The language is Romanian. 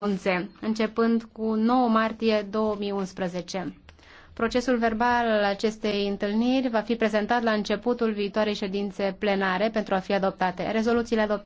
anunțe, începând cu 9 martie 2011. Procesul verbal al acestei întâlniri va fi prezentat la începutul viitoarei ședințe plenare pentru a fi adoptate. Rezoluțiile adoptate